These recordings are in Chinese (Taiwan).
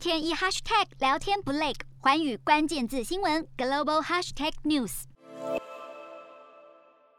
天一 hashtag 聊天不累，寰宇關鍵字新聞 global hashtag news。Has new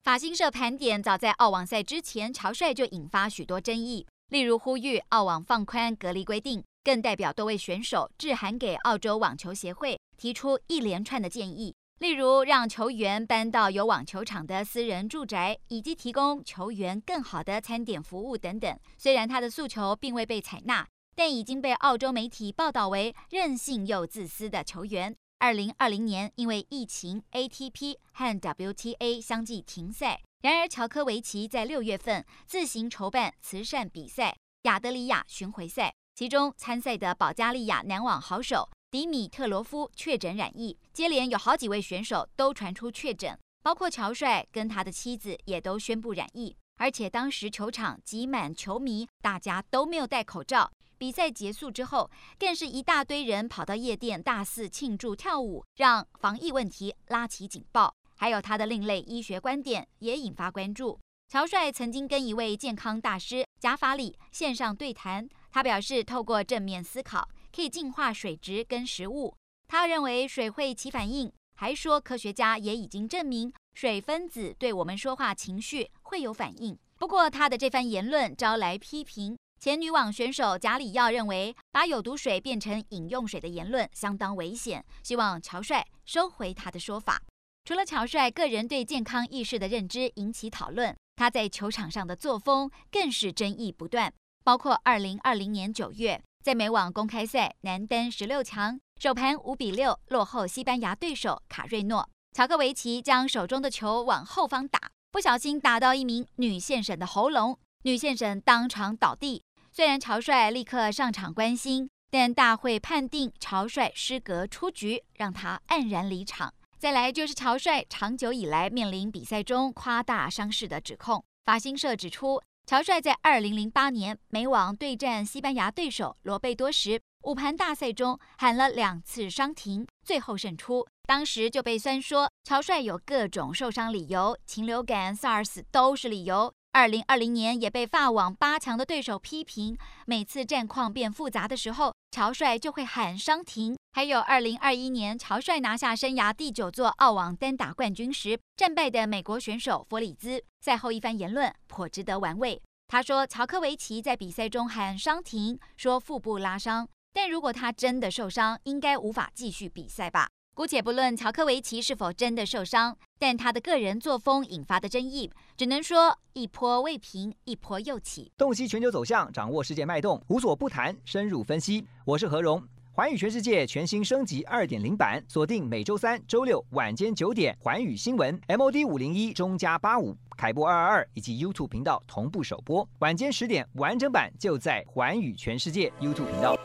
法新社盤點，早在澳網賽之前，喬帥就引發許多爭議，例如呼籲澳網放寬隔離規定，更代表多位選手致函給澳洲網球協會，提出一連串的建議，例如讓球員搬到有網球場的私人住宅，以及提供球員更好的餐點服務等等。雖然他的訴求並未被採納。但已經被澳洲媒體報道為任性又自私的球員。2020年，因為疫情，ATP 和 WTA 相繼停賽。然而，喬科維奇在6月份自行籌辦慈善比賽——亞德里亞巡迴賽。其中參賽的保加利亞男網好手迪米特羅夫確診染疫，接連有好幾位選手都傳出確診，包括喬帥跟他的妻子也都宣布染疫。而且當時球場擠滿球迷，大家都沒有戴口罩。比賽結束之後，更是一大堆人跑到夜店大肆慶祝跳舞，讓防疫問題拉起警報。還有他的另類醫學觀點也引發關注。喬帥曾經跟一位健康大師賈法里線上對談，他表示透過正面思考可以淨化水質跟食物。他認為水會起反應，還說科學家也已經證明水分子對我們說話情緒會有反應。不過他的這番言論招來批評。前女網選手賈里奧認為，把有毒水變成飲用水的言論相當危險，希望喬帥收回他的說法。除了喬帥個人對健康意識的認知引起討論，他在球場上的作風更是爭議不斷。包括2020年9月，在美網公開賽男單十六強，首盤五比六落後西班牙對手卡瑞諾，喬科維奇將手中的球往後方打，不小心打到一名女線審的喉嚨，女線審當場倒地。雖然喬帥立刻上場關心，但大會判定喬帥失格出局，讓他黯然離場。再來就是喬帥長久以來面臨比賽中誇大傷勢的指控。法新社指出，喬帥在2008年美網對戰西班牙對手羅貝多時，五盤大賽中喊了兩次傷停，最後勝出。當時就被酸說，喬帥有各種受傷理由，禽流感、SARS 都是理由。二零二零年也被法網八強的對手批評，每次戰況變複雜的時候，喬帥就會喊傷停。還有二零二一年喬帥拿下生涯第九座澳網單打冠軍時，戰敗的美國選手弗里茲賽後一番言論頗值得玩味。他說：“喬科維奇在比賽中喊傷停，說腹部拉傷，但如果他真的受傷，應該無法繼續比賽吧。”姑且不論喬科維奇是否真的受傷，但他的個人作風引發的爭議，只能說一波未平，一波又起。洞悉全球走向，掌握世界脈動，無所不談，深入分析。我是何榮。寰宇全世界全新升級二點零版，鎖定每周三、周六晚間九點，寰宇新聞 M O D 五零一中加八五凱播二二二以及 YouTube 頻道同步首播，晚間十點完整版就在寰宇全世界 YouTube 頻道。